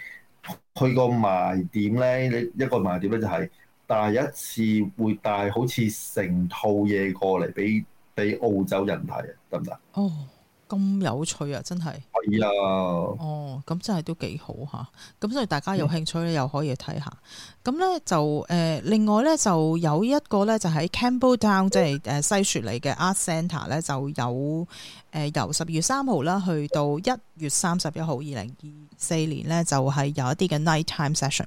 佢個賣點咧。一一個賣點咧就係、是、第一次會帶好似成套嘢過嚟俾。俾澳洲人睇，得唔得？哦，咁有趣啊！真係係啦。哦，咁真係都幾好吓、啊。咁所以大家有興趣咧，嗯、又可以睇下。咁咧就誒、呃，另外咧就有一個咧就喺、是、Campbell Town，、嗯、即係誒西雪尼嘅 Art Centre e 咧，就有誒由十二月三號啦，去到一月三十一號二零二四年咧，就係有一啲嘅 Nighttime Session。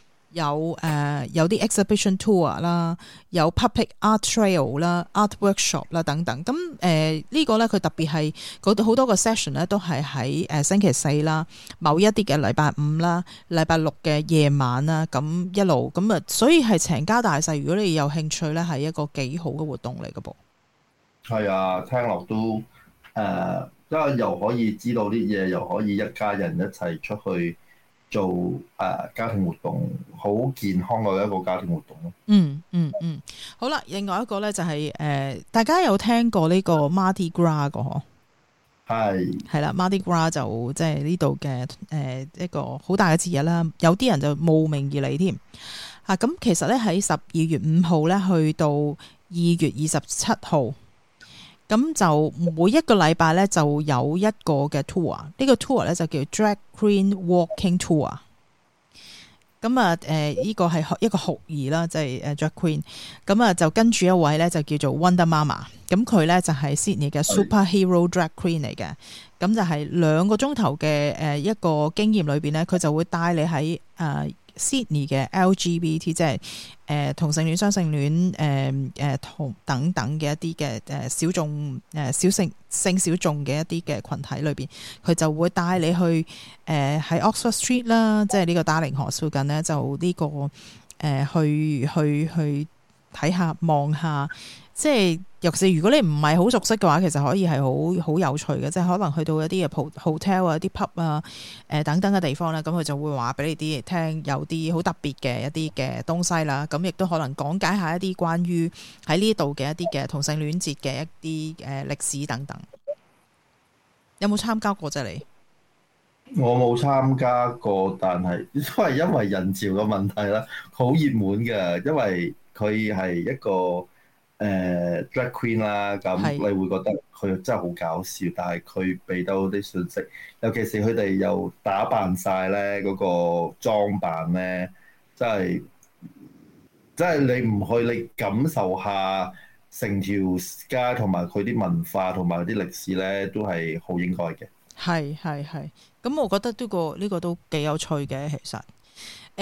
有誒、呃、有啲 exhibition tour 啦，有 public art trail 啦，art workshop 啦等等。咁誒、呃這個、呢個咧，佢特別係好多個 session 咧，都係喺誒星期四啦，某一啲嘅禮拜五啦、禮拜六嘅夜晚啦，咁一路咁啊，所以係成家大細。如果你有興趣咧，係一個幾好嘅活動嚟嘅噃。係啊，聽落都誒、呃，因為又可以知道啲嘢，又可以一家人一齊出去。做誒、呃、家庭活動，好健康嘅一個家庭活動咯、嗯。嗯嗯嗯，好啦，另外一個咧就係、是、誒、呃，大家有聽過呢個 Mardi Gras 嘅嗬？係係啦 Hi.，Mardi Gras 就即係呢度嘅誒一個好大嘅節日啦。有啲人就慕名而嚟添啊。咁、嗯、其實咧喺十二月五號咧，去到二月二十七號。咁就每一個禮拜咧就有一個嘅 tour，這個、呢個 tour 咧就叫 Drag Queen Walking Tour。咁啊，誒、呃、呢、這個係一個酷兒啦，即、就、係、是、誒 Drag Queen。咁啊，就跟住一位咧就叫做 Wonder Mama。咁佢咧就係 Sydney 嘅 Super Hero Drag Queen 嚟嘅。咁就係兩個鐘頭嘅誒、呃、一個經驗裏邊咧，佢就會帶你喺誒。呃 Sydney 嘅 LGBT 即係誒、呃、同性戀、雙性戀、誒、呃、誒同等等嘅一啲嘅誒小眾誒、呃、小性性小眾嘅一啲嘅群體裏邊，佢就會帶你去誒喺、呃、Oxford Street 啦，即係呢個 Darlinghurst 附近呢，就呢、呢個誒、呃、去去去睇下望下，看看即係。尤其是如果你唔係好熟悉嘅話，其實可以係好好有趣嘅，即係可能去到一啲嘅鋪 hotel 啊、啲 pub 啊、誒等等嘅地方咧，咁佢就會話俾你啲聽有啲好特別嘅一啲嘅東西啦。咁亦都可能講解下一啲關於喺呢度嘅一啲嘅同性戀節嘅一啲誒歷史等等。有冇參加過啫？你我冇參加過，但係都係因為人潮嘅問題啦，好熱門嘅，因為佢係一個。誒、呃、Drag Queen 啦，咁你會覺得佢真係好搞笑，但係佢俾到啲信息，尤其是佢哋又打扮晒咧，嗰個裝扮咧，真係真係你唔去，你感受下成條街同埋佢啲文化同埋啲歷史咧，都係好應該嘅。係係係，咁我覺得呢、呢個呢、呢個都幾有趣嘅，其實。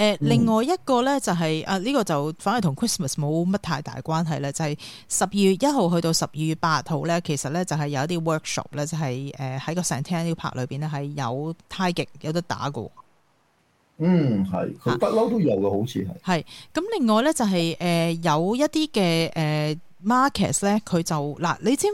誒另外一個咧就係、是、啊呢、這個就反而同 Christmas 冇乜太大關係啦，就係十二月一號去到十二月八號咧，其實咧就係有一啲 workshop 咧，就係誒喺個 Centennial Park 裏邊咧係有太極有得打嘅。嗯，係，佢不嬲都有嘅，好似係。係咁，另外咧就係誒有一啲嘅誒 markets 咧，佢就嗱，你知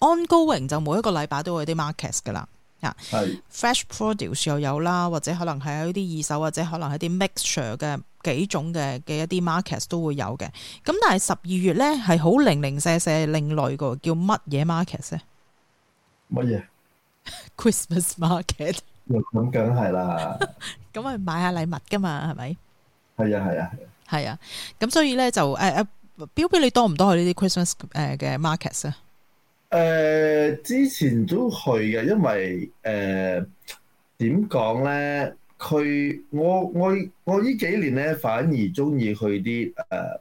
ongoing 就每一個禮拜都會有啲 markets 嘅啦。啊、是 fresh produce 又有啦，或者可能係一啲二手，或者可能係啲 mixture 嘅幾種嘅嘅一啲 market 都會有嘅。咁但係十二月咧係好零零舍舍另類噶，叫乜嘢 market 咧？乜嘢麼？Christmas market 。咁梗係啦。咁啊買下禮物噶嘛，係咪？係啊，係啊，係啊。係啊，咁、啊啊、所以咧就誒誒，表、啊、表你多唔多去呢啲 Christmas 誒、呃、嘅 market 啊？誒、呃、之前都去嘅，因為誒點講咧？佢、呃、我我我依幾年咧，反而中意去啲誒、呃。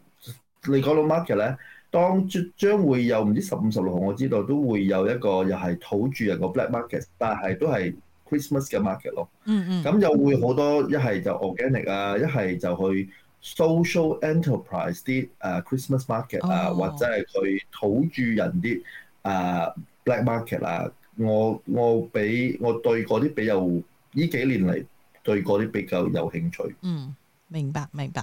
你講到 market 咧，當將會有唔知十五十六號，我知道都會有一個又係土著人個 black market，但係都係 Christmas 嘅 market 咯。嗯嗯。咁又會好多一係就 organic 啊，一係就去 social enterprise 啲誒、呃、Christmas market 啊、哦，或者係去土著人啲。啊、uh，black market 啦，我我比，我對嗰啲比較，呢幾年嚟對嗰啲比較有興趣。嗯，明白明白。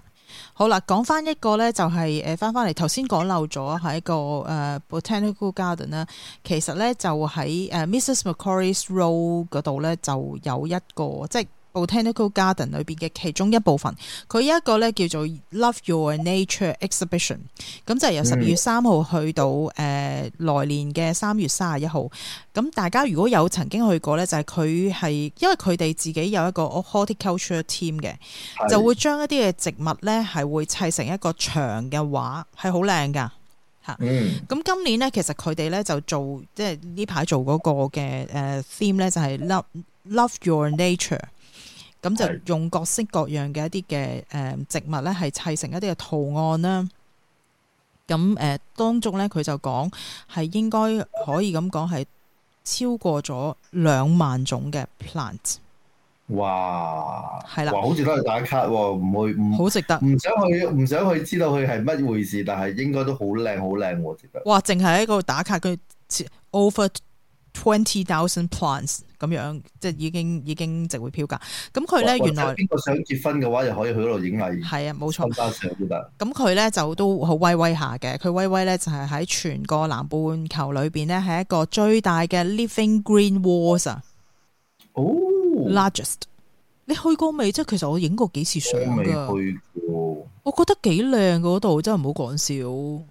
好啦，講翻一個咧、就係呃，就係誒翻翻嚟頭先講漏咗喺一個誒 Botanical Garden 啦。其實咧就喺誒 Mrs Macquarie's Road 嗰度咧就有一個即係。Botanical Garden 裏邊嘅其中一部分，佢有一個咧叫做 Love Your Nature Exhibition，咁就係由十二月三號去到誒、mm hmm. 呃、來年嘅三月三十一號。咁大家如果有曾經去過咧，就係佢係因為佢哋自己有一個 horticulture team 嘅，就會將一啲嘅植物咧係會砌成一個牆嘅畫，係好靚噶嚇。咁、mm hmm. 嗯、今年咧，其實佢哋咧就做即係呢排做嗰個嘅誒 theme 咧，就係 Love Love Your Nature。咁就用各式各樣嘅一啲嘅誒植物咧，係砌成一啲嘅圖案、呃、哇啦。咁誒當中咧，佢就講係應該可以咁講係超過咗兩萬種嘅 plant。哇！係啦，好似都係打卡喎、哦，唔會唔好值得，唔想去唔想去知道佢係乜回事，但係應該都好靚好靚喎，值、哦、得。哇！淨係喺度打卡佢。over。Twenty thousand plants 咁樣，即係已經已經值回票價。咁佢咧，哇原來邊個想結婚嘅話，就可以去嗰度影禮。係啊，冇錯。咁佢咧就都好威威下嘅。佢威威咧就係、是、喺全個南半球裏邊咧，係一個最大嘅 Living Green Walls 哦，largest，你去過未？即係其實我影過幾次相去過。我覺得幾靚嗰度，真係唔好講笑。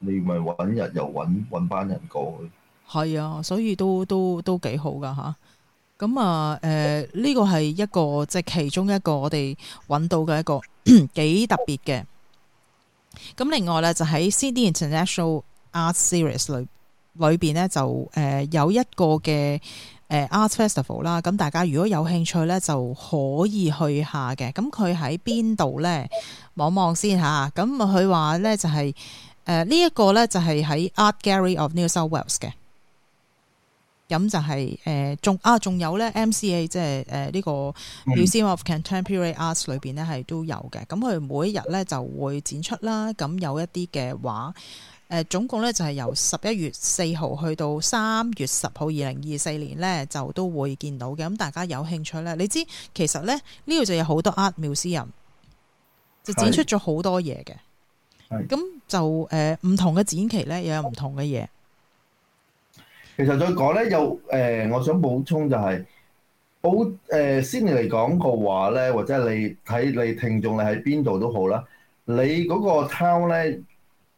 你咪揾日又揾揾班人過去。係啊，所以都都都幾好噶吓，咁啊誒呢、嗯呃這個係一個即係其中一個我哋搵到嘅一個幾 特別嘅，咁、嗯、另外咧就喺 Sydney International Art Series 裏裏邊咧就誒、呃、有一個嘅誒、呃、Art Festival 啦、啊，咁大家如果有興趣咧就可以去下嘅，咁佢喺邊度咧望望先吓，咁啊佢話咧就係、是、誒、呃這個、呢一個咧就係、是、喺 Art Gallery of New South Wales 嘅。咁就係誒仲啊，仲有咧 MCA 即係誒、呃這個 mm. 呢個《Museum of Contemporary Arts》裏邊咧，係都有嘅。咁佢每一日咧就會展出啦。咁有一啲嘅畫誒、呃，總共咧就係、是、由十一月四號去到三月十號，二零二四年咧就都會見到嘅。咁大家有興趣咧，你知其實咧呢度就有好多 Art m u 藝術家，就展出咗好多嘢嘅。咁的就誒唔、呃、同嘅展期咧，又有唔同嘅嘢。其實再講咧，有誒、呃，我想補充就係、是，保誒、呃、先嚟講個話咧，或者你睇你聽眾你喺邊度都好啦，你嗰個 town 咧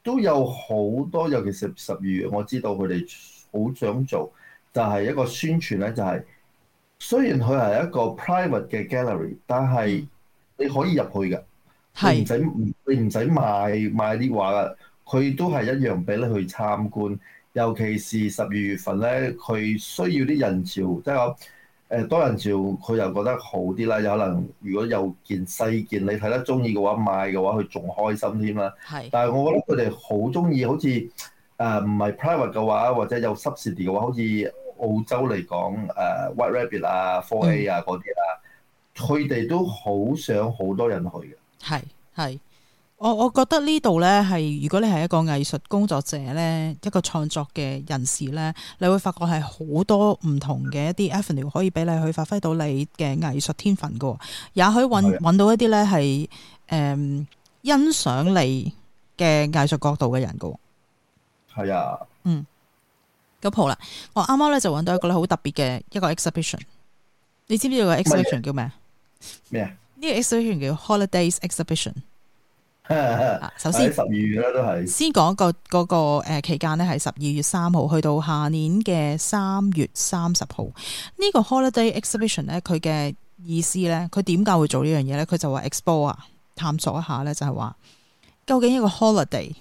都有好多，尤其是十二月，我知道佢哋好想做，就係、是、一個宣傳咧、就是，就係雖然佢係一個 private 嘅 gallery，但係你可以入去㗎，係唔使，你唔使買買啲畫啦，佢都係一樣畀你去參觀。尤其是十二月份咧，佢需要啲人潮，即係我、呃、多人潮，佢又覺得好啲啦。有可能如果有件細件你睇得中意嘅話，買嘅話佢仲開心添啦。係是。但係我覺得佢哋好中意，好似誒唔、呃、係 private 嘅話，或者有 subsidy 嘅話，好似澳洲嚟講誒 White Rabbit 啊、Four A 啊嗰啲啊，佢哋、嗯、都好想好多人去嘅。係係。我我覺得呢度呢，係，如果你係一個藝術工作者呢，一個創作嘅人士呢，你會發覺係好多唔同嘅一啲 avenue 可以俾你去發揮到你嘅藝術天分嘅。也許揾的到一啲呢，係、嗯、欣賞你嘅藝術角度嘅人嘅。係啊的，嗯，咁好啦，我啱啱呢，就揾到一個呢好特別嘅一個 exhibition。你知唔知道個 exhibition 叫咩？咩？呢個 exhibition 叫 Holidays Exhibition。首先，十二月咧都係先講個、嗰個誒期間咧，係十二月三號去到下年嘅三月三十號。呢、呢個 holiday exhibition 咧，佢嘅意思咧，佢點解會做呢樣嘢咧？佢就話 Expo 啊，探索一下咧，就係話究竟一個 holiday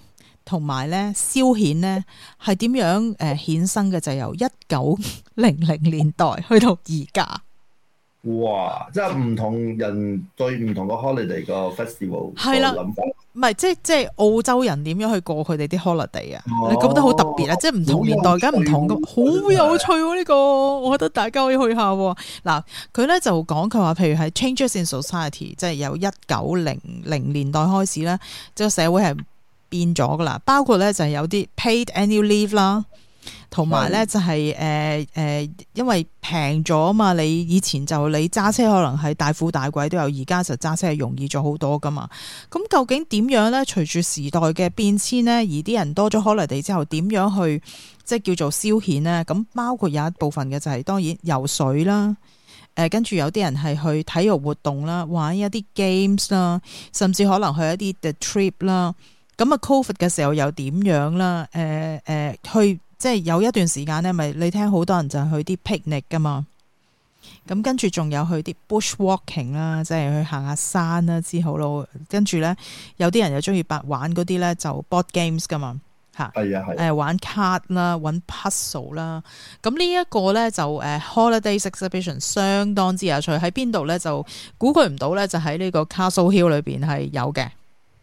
同埋咧消遣咧，係點樣誒衍生嘅？就由一九零零年代去到而家。哇！即係唔同人對唔同個 holiday 個 festival 個諗的法，唔係即係即係澳洲人點樣去過佢哋啲 holiday 啊、哦？你覺得好特別啊？哦、即係唔同年代梗係唔同咁，有好有趣呢、這個，我覺得大家可以去下。嗱，佢咧就講佢話，譬如係 changes in society，即係由一九零零年代開始咧，即係社會係變咗噶啦，包括咧就係、是、有啲 paid annual leave 啦。同埋咧就係誒誒，因為平咗啊嘛，你以前就你揸車可能係大富大貴都有，而家就揸車係容易咗好多噶嘛。咁、嗯、究竟點樣咧？隨住時代嘅變遷咧，而啲人多咗可 o l 之後，點樣去即係叫做消遣咧？咁包括有一部分嘅就係、是、當然游水啦，誒跟住有啲人係去體育活動啦，玩一啲 games 啦，甚至可能去一啲 the trip 啦。咁、嗯、啊 cover 嘅時候又點樣啦？誒、呃、誒、呃、去。即係有一段時間咧，咪你聽好多人就去啲 picnic 噶嘛，咁跟住仲有去啲 bushwalking 啦，即係去行下山啦之後咯。跟住咧，有啲人又中意玩嗰啲咧就 board games 噶嘛，吓係啊係，誒 玩 card 啦，玩 puzzle 啦。咁呢一個咧就誒 holiday exhibition 相當之有趣，喺邊度咧就估佢唔到咧，就喺呢個 Castle Hill 裏邊係有嘅。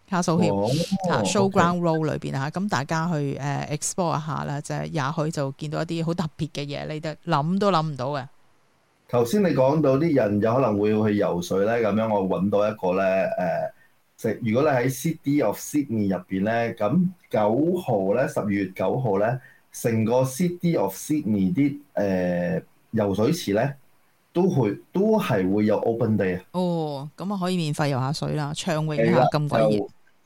卡素協啊，showground row 裏邊啊，咁 okay. 大家去誒、uh, explore 一下啦，即、就、係、是、也許就見到一啲好特別嘅嘢，你哋諗都諗唔到嘅。頭先你講到啲人有可能會去游水咧，咁樣我揾到一個咧誒，即、呃、如果你喺 City of Sydney 入邊咧，咁九號咧十月九號咧，成個 City of Sydney 啲誒、呃、游水池咧都去都係會有 open day。啊。哦，咁啊可以免費遊下水啦，暢泳一下咁鬼熱。的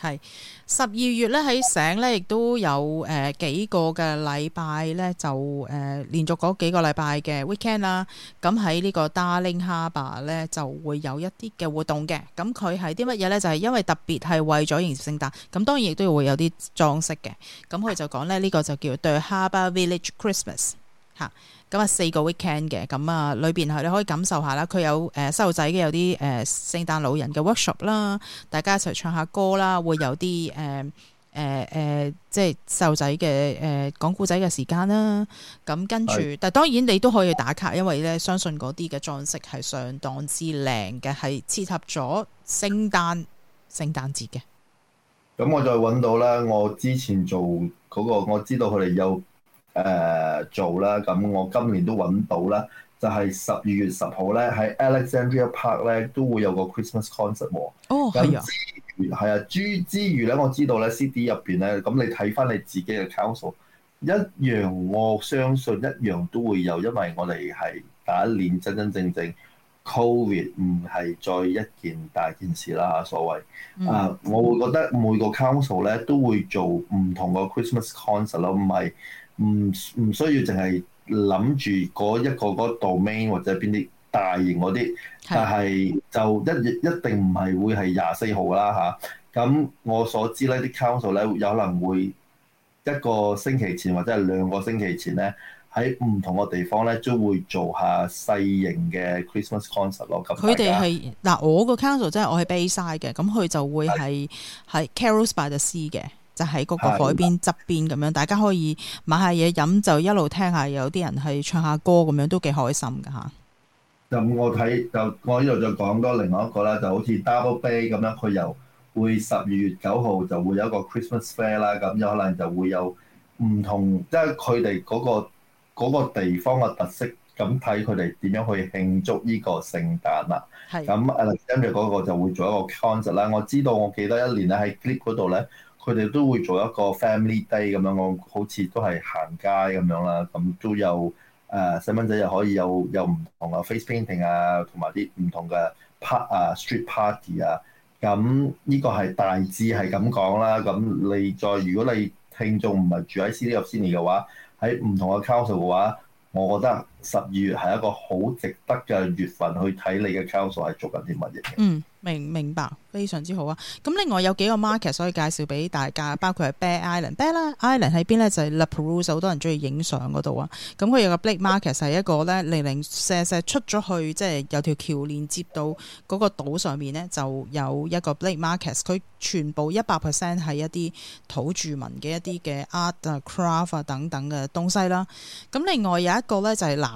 係十二月咧，喺成咧亦都有誒、呃、幾個嘅禮拜咧，就誒、呃、連續嗰幾個禮拜嘅 weekend 啦。咁喺呢個 Darling Harbour 咧，就會有一啲嘅活動嘅。咁佢係啲乜嘢咧？就係、是、因為特別係為咗迎接聖誕，咁當然亦都會有啲裝飾嘅。咁佢就講咧，呢、這個就叫做 The Harbour Village Christmas 吓、啊。咁啊、嗯，四個 weekend 嘅，咁、嗯、啊，裏邊係你可以感受下啦。佢有誒細路仔嘅有啲誒、呃、聖誕老人嘅 workshop 啦，大家一齊唱下歌啦，會有啲誒誒誒，即係細路仔嘅誒講故仔嘅時間啦。咁、嗯、跟住，但係當然你都可以打卡，因為咧相信嗰啲嘅裝飾係相當之靚嘅，係切合咗聖誕聖誕節嘅。咁、嗯、我再揾到啦，我之前做嗰、那個，我知道佢哋有。誒、呃、做啦，咁我今年都揾到啦，就係十二月十號咧，喺 Alexandria Park 咧都會有個 Christmas concert 喎。哦，係那啊。係啊，之之餘咧，我知道咧，CD 入邊咧，咁你睇返你自己嘅 Council，一樣我相信一樣都會有，因為我哋係第一年真真正正，COVID 唔係再一件大件事啦嚇，所謂、嗯、啊，我會覺得每個 Council 咧都會做唔同個 Christmas concert 咯，唔係。唔唔需要淨係諗住嗰一個嗰度、那個、main 或者邊啲大型嗰啲，是的 但係就一一定唔係會係廿四號啦吓，咁、啊、我所知呢啲 council 咧有可能會一個星期前或者係兩個星期前咧，喺唔同嘅地方咧都會做下細型嘅 Christmas concert 咯。咁佢哋係，嗱我個 council 即係我係 Bayside 嘅，咁佢就會係係的 Carols by the Sea 嘅。就喺嗰個海邊側的邊咁樣，大家可以買下嘢飲，就一路聽下有啲人去唱下歌咁樣，都幾開心噶吓，就我睇，就我呢度就講多另外一個啦，就好似 Double Bay 咁樣，佢又會十二月九號就會有一個 Christmas Fair 啦，咁有可能就會有唔同，即係佢哋嗰個嗰個地方嘅特色，咁睇佢哋點樣去慶祝呢個聖誕啦。係的。咁 Alexander 嗰個就會做一個 concert 啦。我知道，我記得一年咧喺 Clip 嗰度咧。佢哋都會做一個 family day 咁樣，我好似都係行街咁樣啦，咁都有誒細蚊仔又可以有有唔同嘅 face painting 啊，同埋啲唔同嘅 part 啊、uh，street party 啊，咁呢個係大致係咁講啦。咁你再如果你聽眾唔係住喺 City of Sydney 嘅話，喺唔同嘅 Council 嘅話，我覺得。十二月係一個好值得嘅月份去睇你嘅 count 數係做緊啲乜嘢嘅。嗯，明明白，非常之好啊！咁另外有幾個 market 所以介紹俾大家，包括係 Bear Island、Bear Island 喺邊咧？就係 Lapuru，好多人中意影相嗰度啊！咁佢有個 Black Market 係一個咧零零舍舍出咗去，即、就、係、是、有條橋連接到嗰個島上面咧，就有一個 Black Market。佢全部一百 percent 係一啲土著民嘅一啲嘅 art 啊、craft 啊等等嘅東西啦。咁另外有一個咧就係南。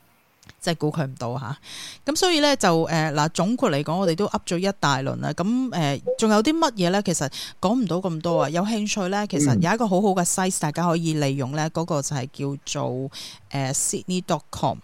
即係估佢唔到嚇，咁、啊、所以咧就誒嗱、呃、總括嚟講，我哋都噏咗一大輪啦。咁誒仲有啲乜嘢咧？其實講唔到咁多啊。有興趣咧，其實有一個好好嘅 site 大家可以利用咧，嗰、那個就係叫做誒 Sydney.com。呃 Sydney.com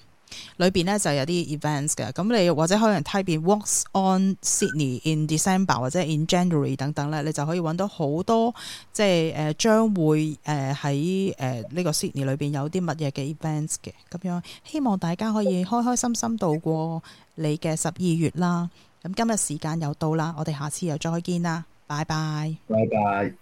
裏邊呢就有啲 events 嘅，咁你或者可能 type 入 walks on Sydney in December 或者 in January 等等呢，你就可以揾到好多即係誒、呃，將會誒喺誒呢個 Sydney 裏邊有啲乜嘢嘅 events 嘅咁樣。希望大家可以開開心心度過你嘅十二月啦。咁、嗯、今日時間又到啦，我哋下次又再見啦，拜拜，拜拜。